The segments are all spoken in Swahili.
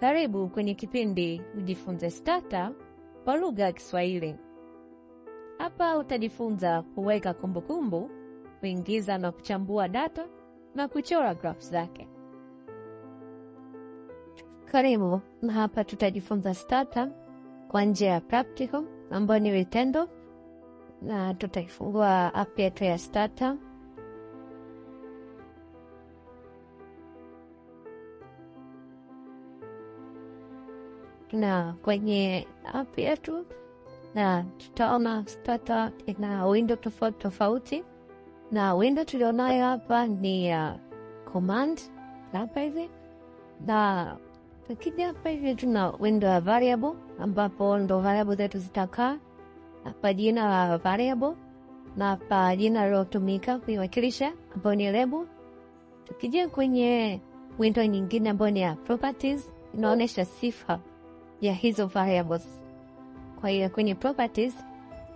Karibu kwenye kipindi Ujifunze Stata kwa lugha ya Kiswahili. Hapa utajifunza kuweka kumbukumbu, kuingiza na kuchambua data na kuchora grafu zake. Karibu, na hapa tutajifunza stata kwa njia ya practical ambayo ni vitendo, na tutaifungua app yetu ya stata na kwenye app yetu, na tutaona stata na window tofauti tofauti, na window tulionayo hapa ni ya uh, command hapa hivi, na tukija hapa hivi tuna window ya variable, ambapo ndo variable zetu zitakaa hapa, jina la variable na hapa jina lilotumika kuiwakilisha ambayo ni label. Tukija kwenye window nyingine ambayo ni ya properties, inaonyesha sifa ya hizo variables. Kwa hiyo kwenye properties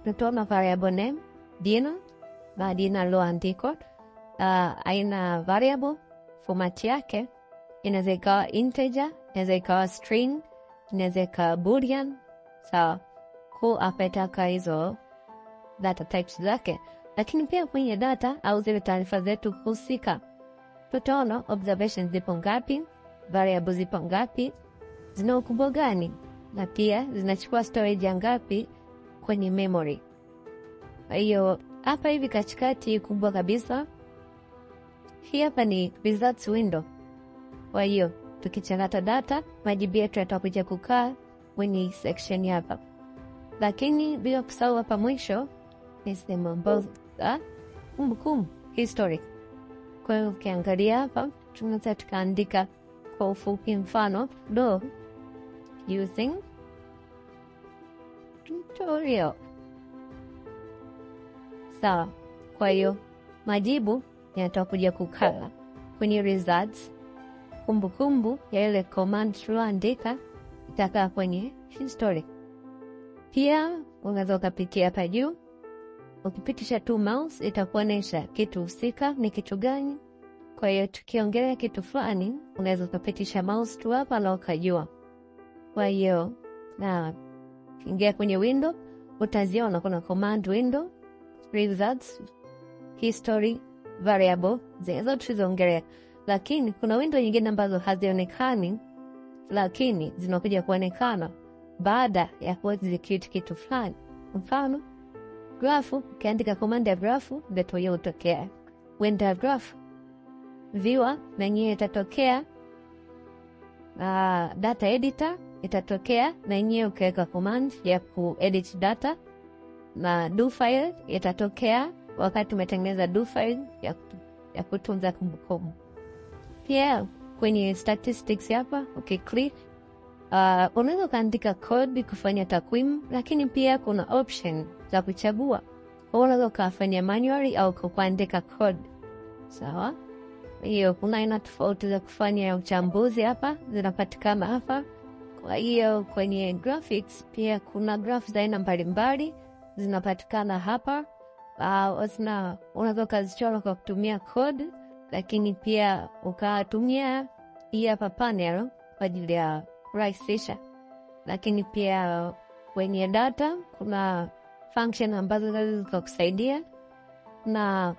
tutaona variable name, jina, na jina liloandikwa, uh, aina variable, format yake inaweza ikawa integer, inaweza ikawa string, inaweza ikawa boolean. Sawa, ku apetaka hizo data types zake, lakini pia kwenye data au zile taarifa zetu husika tutaona observations zipo ngapi, variables zipo ngapi zina ukubwa gani na pia zinachukua storage ngapi kwenye memory. Kwa hiyo hapa hivi katikati kubwa kabisa hii hapa ni results window. Kwa hiyo tukichakata data, majibu yetu yatakuja kukaa kwenye section hapa, lakini bila kusahau hapa mwisho ni sehemu ambayo kumbukumbu history. Kwa hiyo ukiangalia hapa, tunaweza tukaandika kwa ufupi, mfano do using tutorial. Sawa. Kwa hiyo majibu yatakuja kukala kwenye results, kumbukumbu ya ile command tulioandika itakaa kwenye history. Pia unaweza ukapitia hapa juu, ukipitisha tu mouse itakuonesha kitu husika ni kitu gani. Kwa hiyo tukiongelea kitu fulani, unaweza ukapitisha mouse tu hapa na ukajua. Kwa hiyo na ingia kwenye window, utaziona kuna command window, results, history, variable zinazo tulizongelea, lakini kuna window nyingine ambazo hazionekani, lakini zinakuja kuonekana baada ya kuwa zikiti kitu fulani. Mfano graph, ukiandika command ya grafu ndatowia utokea window ya graph viewer na nyie itatokea. Uh, data editor itatokea na yenyewe ukiweka command ya kuedit data na do file itatokea wakati umetengeneza do file ya, ya kutunza kumbukumbu. Pia kwenye statistics hapa ukiklik, uh, unaweza ukaandika code kufanya takwimu, lakini pia kuna option za kuchagua. Unaweza ukafanya manually au kuandika code. Sawa, So, hiyo kuna aina tofauti za kufanya uchambuzi hapa, zinapatikana hapa. Kwa hiyo kwenye graphics pia kuna graphs za aina mbalimbali zinapatikana hapa. Uh, unaweza ukazichora kwa kutumia code, lakini pia ukatumia hii hapa panel kwa ajili ya kurahisisha. Lakini pia kwenye data kuna function ambazo zinaweza zikakusaidia na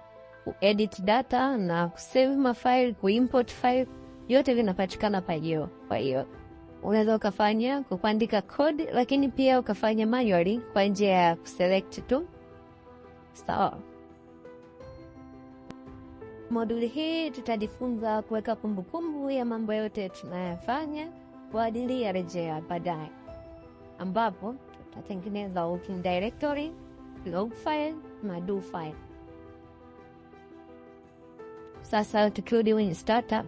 edit data na kusave mafile, kuimport file, yote vinapatikana pajeo, kwa hiyo unaweza ukafanya kwa kuandika code, lakini pia ukafanya manually kwa njia ya kuselect tu. Sawa. So, moduli hii tutajifunza kuweka kumbukumbu ya mambo yote tunayofanya kwa ajili ya rejea baadaye, ambapo tutatengeneza working directory, log file na do file. Sasa tukirudi kwenye startup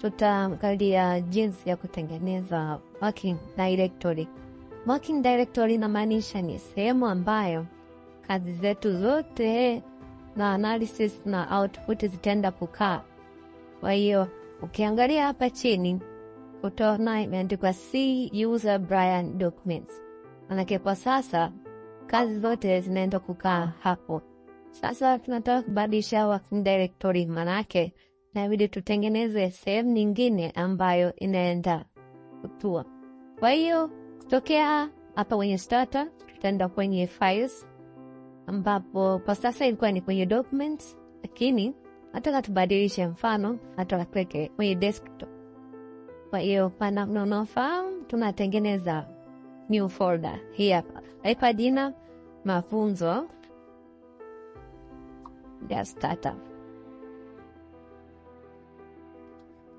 tutaangalia jinsi ya kutengeneza working directory. Working directory inamaanisha ni sehemu ambayo kazi zetu zote na analysis na output zitaenda kukaa. Kwa hiyo ukiangalia hapa chini utaona imeandikwa C user Brian documents, manake kwa sasa kazi zote zinaenda kukaa hapo. Sasa tunataka kubadilisha working directory, manake inabidi tutengeneze sehemu nyingine ambayo inaenda kutua. Kwa hiyo kutokea hapa kwenye starter tutaenda kwenye files, ambapo kwa sasa ilikuwa ni kwenye documents, lakini nataka tubadilishe, mfano hata tuweke kwenye desktop. Kwa hiyo pana mnaonafahamu, tunatengeneza new folder hii hapa, aipa jina mafunzo ya startup.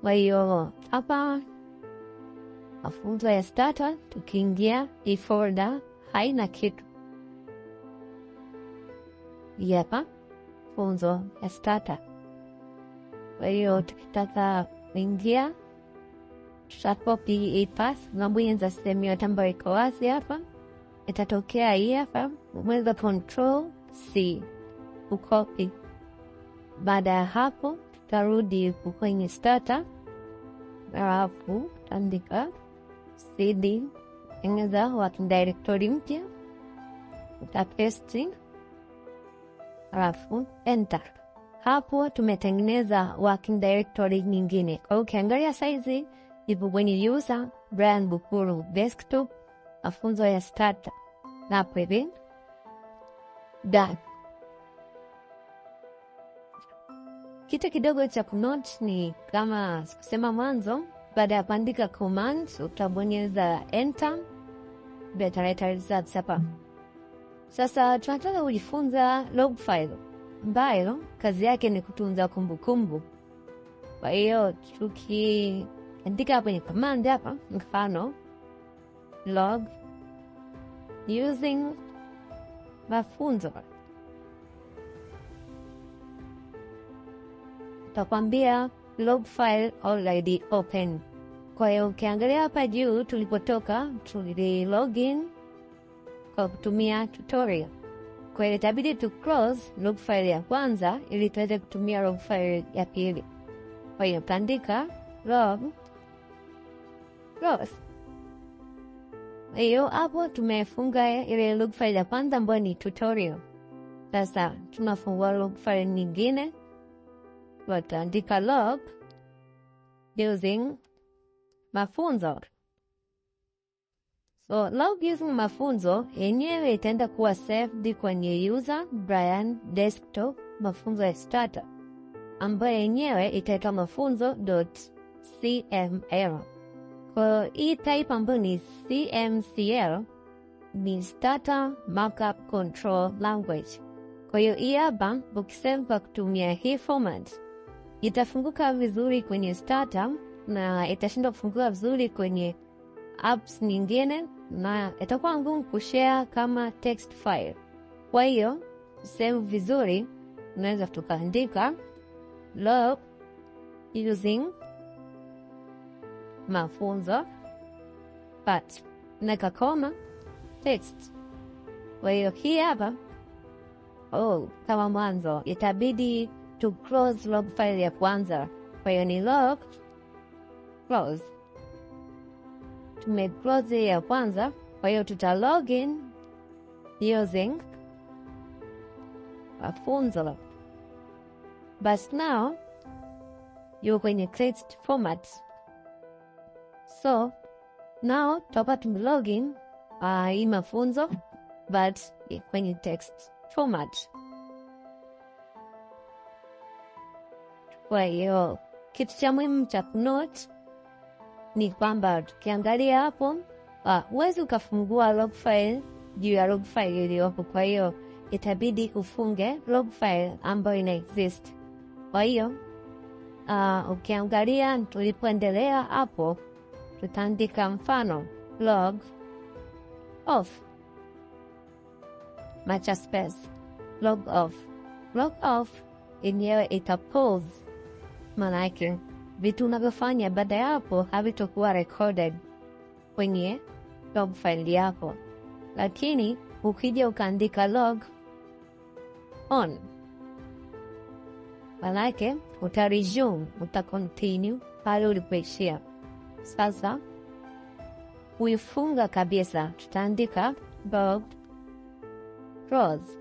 Kwa hiyo hapa mafunzo ya stata tukiingia hii folder haina kitu hapa, funzo ya stata Kwa hiyo tukitaka kuingia tutakopi hii pass, tunabonyeza sehemu yote ambayo iko wazi hapa, itatokea hii hapa, bonyeza control C ukopi. Baada ya hapo tarudi kwenye starter, alafu tandika cd, tengeza working directory mpya, paste, alafu enter. Hapo tumetengeneza working directory nyingine. Kwa hiyo ukiangalia saizi ipo kwenye user Brian Bukuru desktop mafunzo ya starter na pweve done. Kitu kidogo cha kunote ni kama sikusema mwanzo, baada ya kuandika command utabonyeza enter, betaleta hapa. Sasa tunataka kujifunza log file ambayo kazi yake ni kutunza kumbukumbu. Kwa hiyo tukiandika kwenye command hapa, mfano log using mafunzo takwambia log file already open. Kwa hiyo ukiangalia hapa juu tulipotoka, tuli login kwa kutumia tutorial. Kwa hiyo itabidi tu close log file ya kwanza ili tuweze kutumia log file ya pili. Kwa hiyo tandika log close. Hiyo hapo tumefunga ile log file ya kwanza ambayo ni tutorial. Sasa tunafungua log file nyingine button develop using mafunzo. So log using mafunzo yenyewe itaenda kuwa saved kwenye user Brian desktop mafunzo ya starter ambayo yenyewe itaitwa mafunzo.cml. Kwa hii type ambayo ni CMCL ni starter markup control language. Kwa hiyo hii hapa ukisave kwa kutumia hii format itafunguka vizuri kwenye Startup na itashindwa kufunguka vizuri kwenye apps nyingine, na itakuwa ngumu kushare kama text file. Kwa hiyo sehemu vizuri, unaweza tukaandika log using mafunzo but na kakoma text. Kwa hiyo hii hapa oh, kama mwanzo itabidi to close log file ya kwanza. Kwa hiyo ni log close, tume close ya kwanza, kwa hiyo tuta login using mafunzo. But now yuko kwenye uh, text format, so now tutapa tume login hii mafunzo but kwenye text format. Kwa hiyo kitu cha muhimu cha kunoti ni kwamba tukiangalia hapo, huwezi ukafungua log file juu ya log file iliyopo. Kwa hiyo itabidi ufunge log file ambayo ina exist. Kwa hiyo uh, ukiangalia tulipoendelea hapo, tutaandika mfano log off macha space log off, log off yenyewe ita pause manake vitu unavyofanya baada ya hapo havitokuwa recorded kwenye log file yako, lakini ukija ukaandika log on, manake uta resume, uta continue pale ulipoishia. Sasa kuifunga kabisa, tutaandika log close.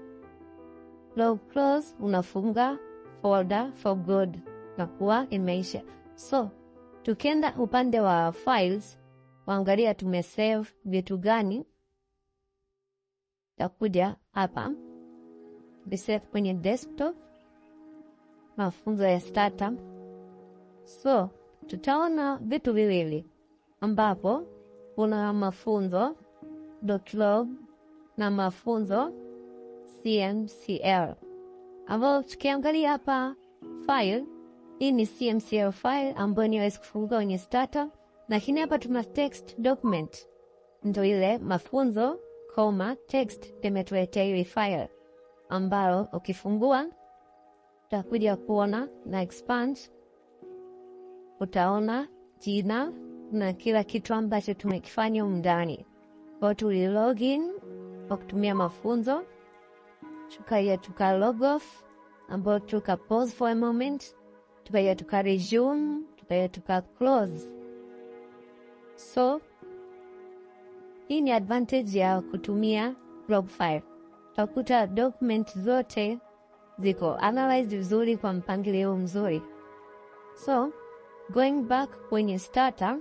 Log close unafunga folder for good na kuwa imeisha. So tukenda upande wa files, waangalia tumesave vitu gani, takuja hapa save kwenye desktop mafunzo ya startup. So tutaona vitu viwili ambapo kuna mafunzo doclog na mafunzo CMCL, ambayo tukiangalia hapa file hii ni CMCL file ambayo niwezi kufunguka kwenye starter, lakini hapa tuna text document, ndo ile mafunzo koma text imetuletea hii file ambayo ukifungua utakuja kuona na expand, utaona jina na kila kitu ambacho tumekifanya humu ndani. Kwa tuli login kwa kutumia mafunzo, tukaja tuka log off, ambayo tuka pause for a moment tukaya tuka resume tukaya tuka close. So hii ni advantage ya kutumia Log5. Utakuta document zote ziko analyzed vizuri kwa mpangilio mzuri. So going back kwenye starter,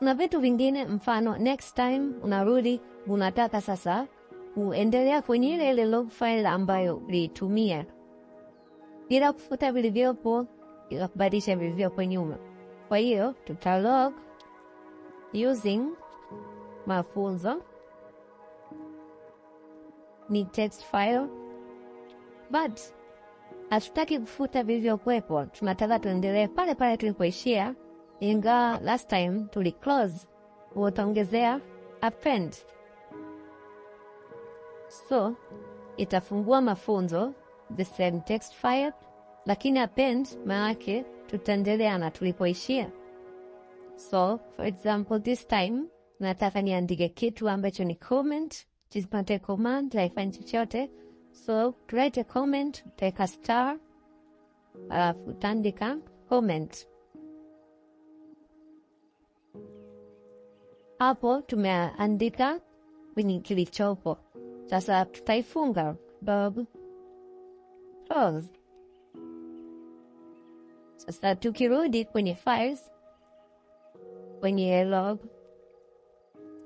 na vitu vingine, mfano next time unarudi unataka sasa uendelea kwenye ile ile log file ambayo ulitumia bila kufuta vilivyopo bila kubadilisha vilivyopo nyuma. Kwa hiyo tuta log using mafunzo ni text file, but hatutaki kufuta vilivyokuwepo, tunataka tuendelee pale pale tulipoishia, ingawa last time tuli close, utaongezea append, so itafungua mafunzo the same text file, lakini append maanake tutaendelea na tulipoishia. So for example this time nataka niandike kitu ambacho ni comment, chizipate command haifanye chochote. So a comment, a star, alafu tandika comment. Hapo tumeandika kwenye kilichopo sasa, tutaifunga babu files. Sasa tukirudi kwenye files, kwenye log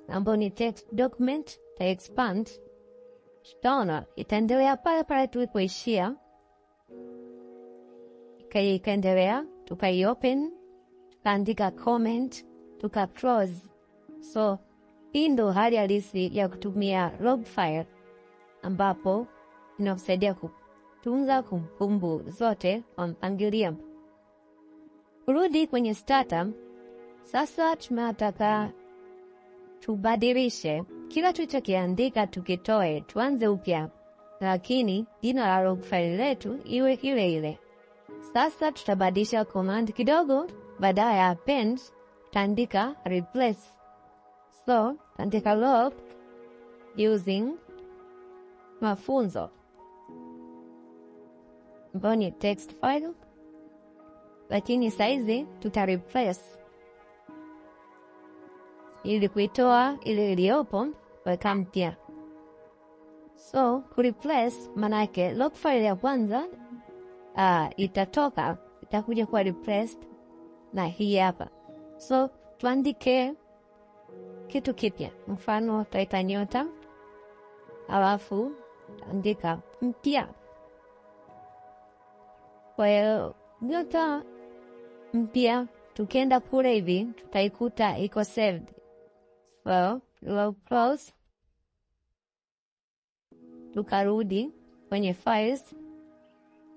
ambayo ni text document, ta expand, tutaona itaendelea pale pale tulipoishia, ikaendelea tukai open, tukaandika comment, tuka close. So hii ndo hali halisi ya kutumia log file ambapo inakusaidia ku tunza kumbukumbu zote kwa mpangilio. Kurudi kwenye startup, sasa tunataka tubadilishe kila tulichokiandika, tukitoe tuanze upya, lakini jina la log file letu iwe ile ile. Sasa tutabadilisha command kidogo, badala ya append tandika replace. So tandika log using mafunzo Boni text file, lakini saizi tuta replace ili kuitoa ile iliyopo weka mpya. So ku replace manake log file ya kwanza uh, itatoka itakuja kuwa replaced na hii hapa. So tuandike kitu kipya, mfano taita nyota, alafu andika mpya kwa hiyo nyota mpya tukienda kule hivi tutaikuta iko saved. Well, close, tukarudi kwenye files,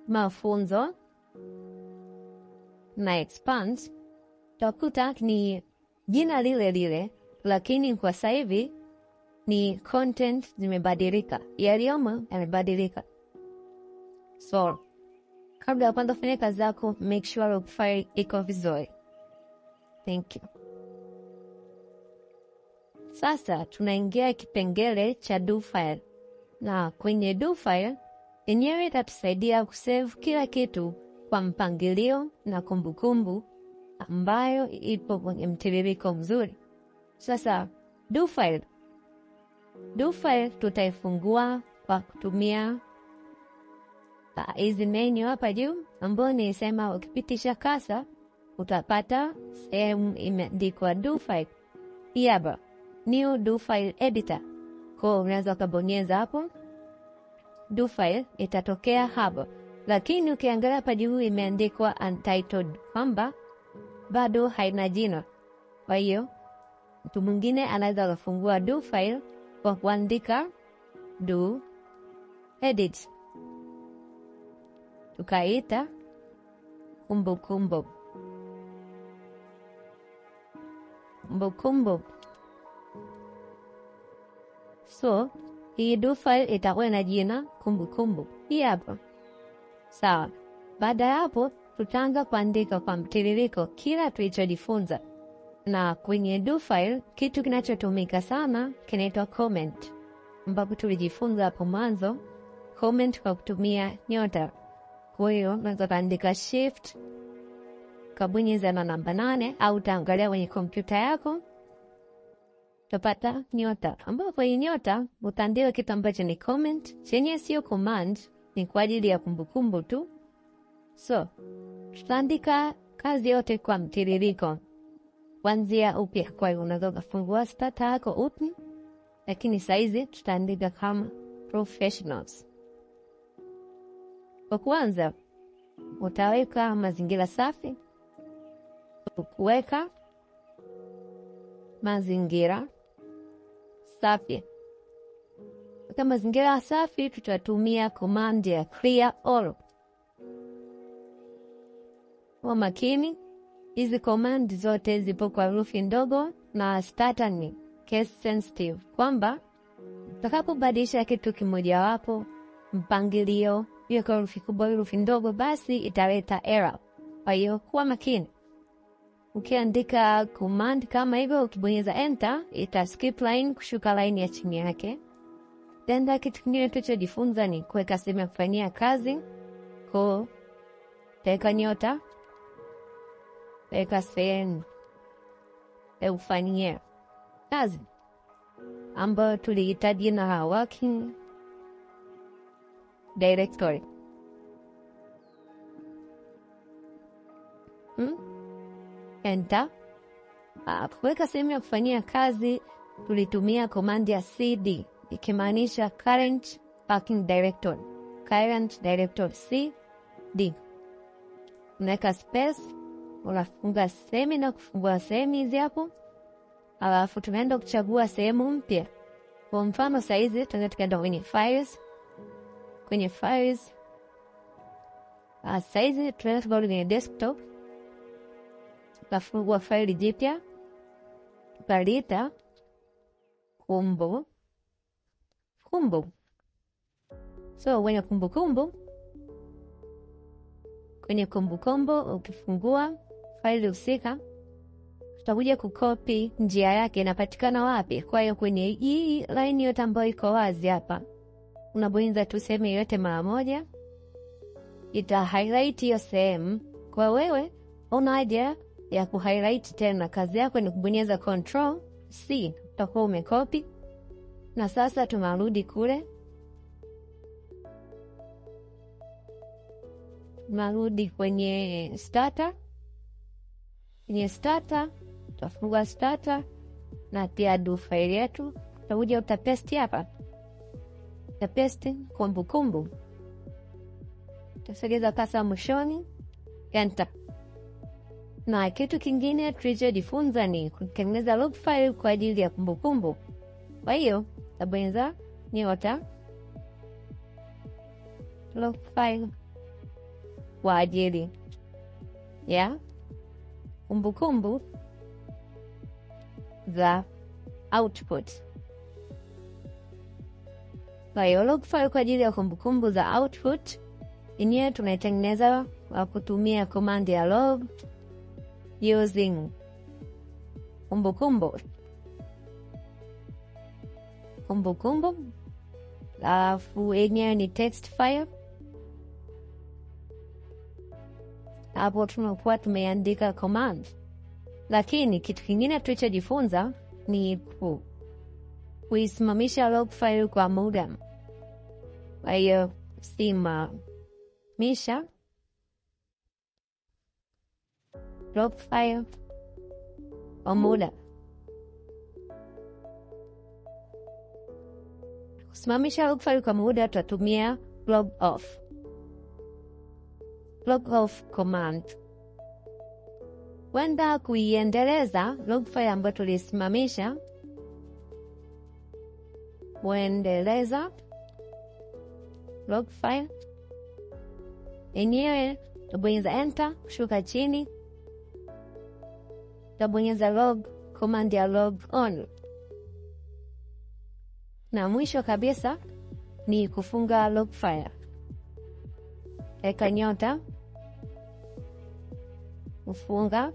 mafunzo na expand, tutakuta ni jina lile lile, lakini kwa sasa hivi ni content zimebadilika, yaliyomo yamebadilika so Kabla ya kwanza kufanya kazi yako, make sure log file iko vizuri. Thank you. Sasa tunaingia kipengele cha do file, na kwenye do file yenyewe itatusaidia kusave kila kitu kwa mpangilio na kumbukumbu ambayo ipo kwenye mtiririko mzuri. Sasa do file, do file tutaifungua kwa kutumia hizi menu hapa juu ambayo sema ukipitisha kasa utapata sehemu imeandikwa do file. Hii hapa new do file editor, kwa unaweza ukabonyeza hapo do file itatokea hapo, lakini ukiangalia hapa juu imeandikwa untitled, kwamba bado haina jina. Kwa hiyo mtu mwingine anaweza akafungua do file kwa kuandika do edit tukaita kumbukumbu. Kumbukumbu. So hii do file itakuwa na jina kumbukumbu hii hapo, sawa. Baada ya hapo, tutaanza kuandika kwa mtiririko kila tulichojifunza, na kwenye do file kitu kinachotumika sana kinaitwa comment, ambapo tulijifunza hapo mwanzo comment kwa kutumia nyota. Kwa hiyo naweza kaandika shift kabonyeza na namba nane, au utaangalia kwenye kompyuta yako utapata nyota, ambapo hii nyota utaandika kitu ambacho ni comment chenye, sio command, ni kwa ajili ya kumbukumbu tu. So tutaandika kazi yote kwa mtiririko kuanzia upya. Kwa hiyo unaweza ukafungua stata yako upya, lakini saizi tutaandika kama professionals. Kwa kwanza utaweka mazingira safi, kuweka mazingira safi. Katika mazingira safi, tutatumia komandi ya clear all. Kwa makini, hizi komandi zote zipo kwa herufi ndogo na starter ni case sensitive, kwamba utakapobadilisha kitu kimojawapo, mpangilio hiyo kwa herufi kubwa herufi ndogo, basi italeta error. Kwa hiyo kuwa makini ukiandika command kama hivyo, ukibonyeza enter ita skip line, kushuka line ya chini yake. Then kitu kingine tulichojifunza ni kuweka sehemu ya kufanyia kazi ko teka nyota teka sehemu ya kufanyia kazi ambayo tulihitaji na working Director. Hmm? Enter. Ah, kuweka sehemu ya kufanyia kazi tulitumia komandi ya cd ikimaanisha current parking directory, current directory cd. Unaweka space, unafunga sehemu na kufungua sehemu hizi hapo, alafu tunaenda kuchagua sehemu mpya. Kwa mfano saizi tunaweza tukaenda kwenye files kwenye files. Uh, saizi kwenye desktop, tukafungua faili jipya, kalita kumbu kumbu. So wenye kumbukumbu kwenye kumbukumbu ukifungua faili husika tutakuja kukopi njia yake inapatikana wapi. Kwa hiyo kwenye hii line yote ambayo iko wazi hapa unabonyeza tu sehemu yoyote mara moja, ita highlight hiyo sehemu kwa wewe. Una idea ya ku highlight tena, kazi yako ni kubonyeza control C, utakuwa umekopi. Na sasa tunarudi kule, tunarudi kwenye starter, kwenye starter tutafungua starter na tia du file yetu, utakuja utapesti hapa na pesti kumbukumbu. tasogeza pasa mwishoni, enter na kitu kingine tulichojifunza e ni kutengeneza log file kwa ajili ya kumbukumbu. Kwa hiyo tabonyeza nyota log file kwa ajili ya kumbukumbu za output biolog file kwa ajili ya kumbukumbu za output Inye tunaitengeneza kwa kutumia command ya log using kumbukumbu kumbukumbu, alafu inye ni text file. Hapo tunakuwa tumeandika command, lakini kitu kingine tulichojifunza ni kuisimamisha Rockfile kwa muda. Kwa hiyo simamisha Rockfile kwa muda. Kusimamisha Rockfile kwa muda tutatumia log off. Log off command kwenda kuiendeleza log file ambayo tulisimamisha kuendeleza log file yenyewe. Tabonyeza enter kushuka chini, tabonyeza log command ya log on, na mwisho kabisa ni kufunga log file. Eka nyota kufunga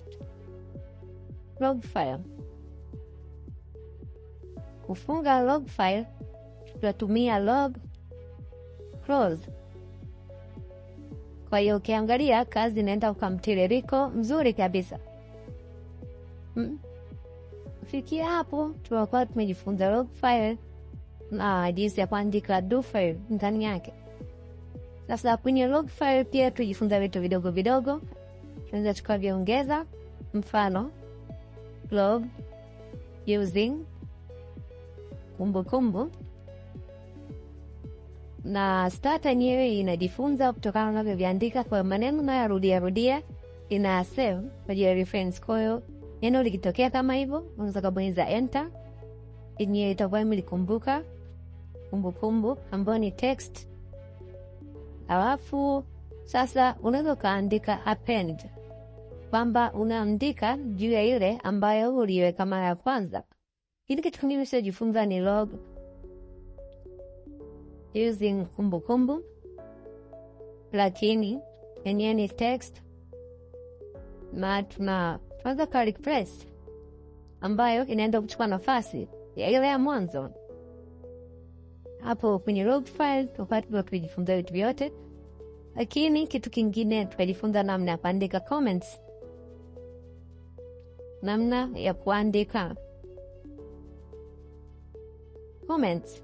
log file, kufunga log file tutatumia log close. Kwa hiyo ukiangalia kazi inaenda kwa mtiririko mzuri kabisa. Hmm. Fikia hapo tuakuwa tumejifunza log file na jinsi ya kuandika do file ndani yake. Sasa kwenye log file pia tujifunza vitu vidogo vidogo, tunaweza tukaviongeza, mfano log using kumbukumbu kumbu na stata yenyewe inajifunza kutokana unavyoviandika kwa maneno nayarudia rudia, ina save kwa ajili ya reference. Kwa hiyo neno likitokea kama hivyo, unaweza kubonyeza enter, yenyewe itakuwa imelikumbuka kumbukumbu ambayo ni text. Alafu sasa unaweza ukaandika append, kwamba unaandika juu ya ile ambayo uliweka mara ya kwanza. Ili kitu kingine usijifunza ni log using kumbukumbu, lakini yenyewe ni text kwanza tuanza press ambayo inaenda kuchukua nafasi ya ile ya mwanzo. Hapo kwenye log file kwa kujifunza vitu vyote, lakini kitu kingine tukajifunza namna ya kuandika comments, namna ya kuandika comments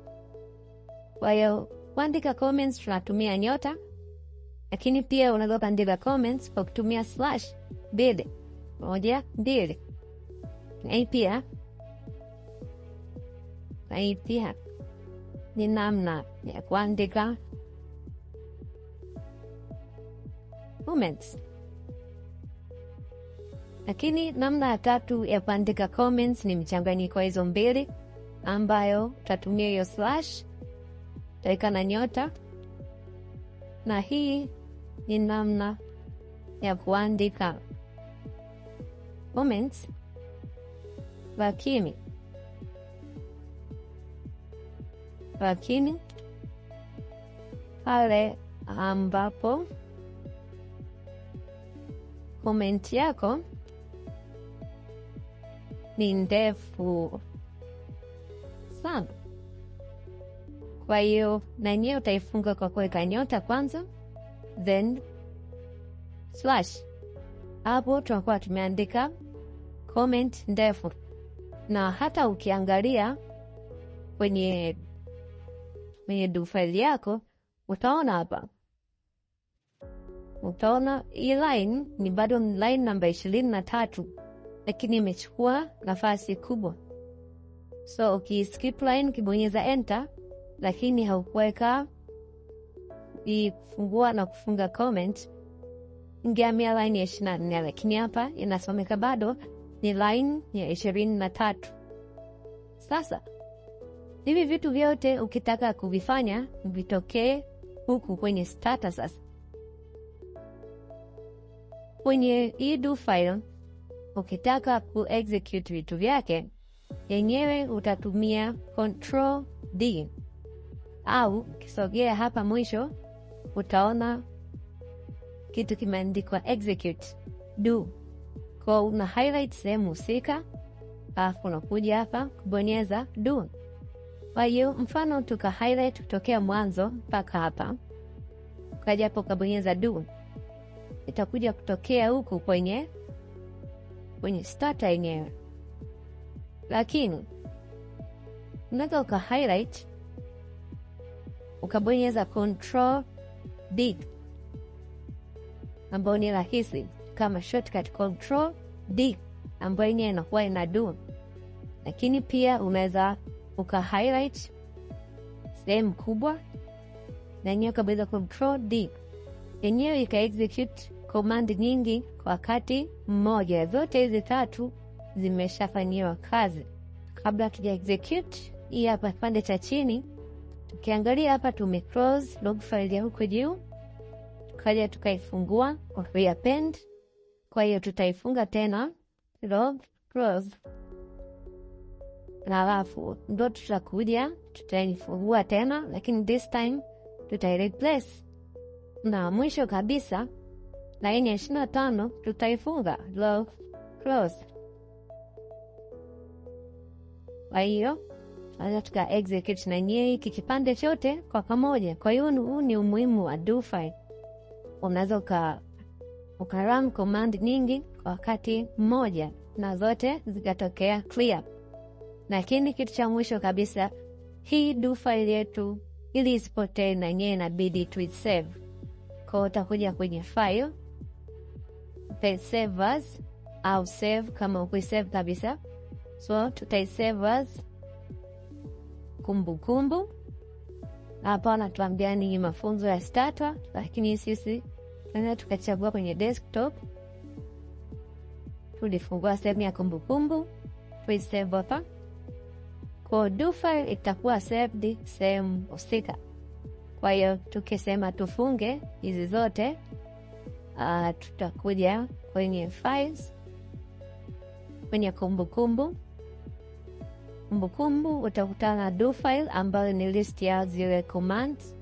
kwa hiyo kuandika comments tunatumia nyota, lakini pia unaweza kuandika comments kwa kutumia slash mbili moja mbili na pia na pia ni namna ya kuandika comments. Lakini namna ya tatu ya kuandika comments ni mchanganyiko hizo mbili ambayo tutatumia hiyo slash dakika na nyota, na hii ni namna ya kuandika comments lakini lakini pale ambapo komenti yako ni ndefu sana kwa hiyo na utaifunga kwa kuweka nyota kwanza, then slash. Hapo tunakuwa tumeandika comment ndefu, na hata ukiangalia kwenye kwenye do yako utaona hapa, utaona hii line ni bado line namba ishirini na tatu lakini imechukua nafasi kubwa, so ukiskip line, ukibonyeza enter lakini haukuweka ifungua na kufunga comment ngeamia line ya ishirini na nne lakini hapa inasomeka bado ni line ya ishirini na tatu. Sasa hivi vitu vyote ukitaka kuvifanya vitokee huku kwenye starter. Sasa kwenye idu file ukitaka kuexecute vitu vyake yenyewe utatumia control D au kisogea hapa mwisho utaona kitu kimeandikwa execute do. Kwa una highlight sehemu husika, alafu unakuja hapa kubonyeza do. Kwa hiyo mfano tuka highlight kutokea mwanzo mpaka hapa, ukaja hapo ukabonyeza do, itakuja kutokea huku kwenye kwenye starter yenyewe, lakini unaweza uka highlight ukabonyeza control D ambayo ni rahisi kama shortcut control D ambayo yenyewe inakuwa ina do, lakini pia unaweza uka highlight sehemu kubwa na yenyewe ukabonyeza control D yenyewe ika execute command nyingi kwa wakati mmoja. Zote hizi tatu zimeshafanyiwa kazi. Kabla tuja execute, hii hapa kipande cha chini Tukiangalia hapa tume close log file ya huko juu, Kaja tukaifungua kwa reappend. Kwa hiyo tutaifunga tena log close, alafu ndo tutakuja tutaifungua tena, lakini this time tutaireplace na mwisho kabisa laini ya ishirini na tano tutaifunga log close. Kwa hiyo sasa tuka execute na nyie hiki kipande chote kwa pamoja. Kwa hiyo huu ni umuhimu wa DeFi, Unaweza uka, ukaram command nyingi kwa wakati mmoja na zote zikatokea clear. Lakini kitu cha mwisho kabisa, hii DeFi yetu ili isipotee, na yenyewe inabidi save. Kwa hiyo utakuja kwenye file pay save as au save kama ukuisave kabisa, so tutaisave as kumbukumbu. Hapa wanatuambia ni mafunzo ya starter, lakini sisi tunaweza tukachagua kwenye desktop. Tulifungua sehemu ya kumbukumbu, tuisave hapa kwa do file, itakuwa saved sehemu husika. Kwa hiyo tukisema tufunge hizi zote uh, tutakuja kwenye files, kwenye kumbukumbu kumbukumbu utakutana na do file ambayo ni list ya zile commands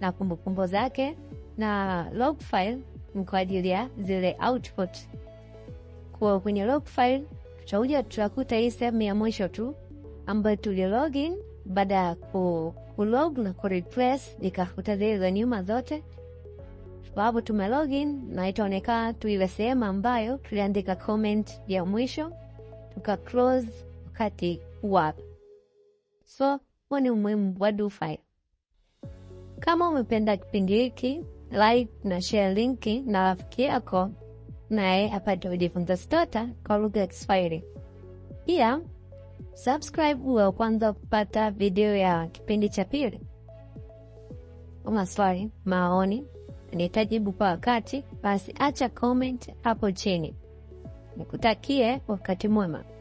na kumbukumbu zake, na log file ni kwa ajili ya zile output. Kwa kwenye log file tutakuja tutakuta hii sehemu ya mwisho tu ambayo tuli login baada ya ku, ku log na ku replace nikakuta zile za nyuma zote sababu tume login na itaonekana tu ile sehemu ambayo tuliandika comment ya mwisho, tuka close wakati wapi So, huo ni umuhimu wa DeFi. Kama umependa kipindi hiki, like na share linki na rafiki yako naye apate kujifunza Stota kwa lugha ya Kiswahili. Pia subscribe uwe wa kwanza kupata video ya kipindi cha pili. Maswali, maoni nitajibu kwa wakati, basi acha comment hapo chini. Nikutakie wakati mwema.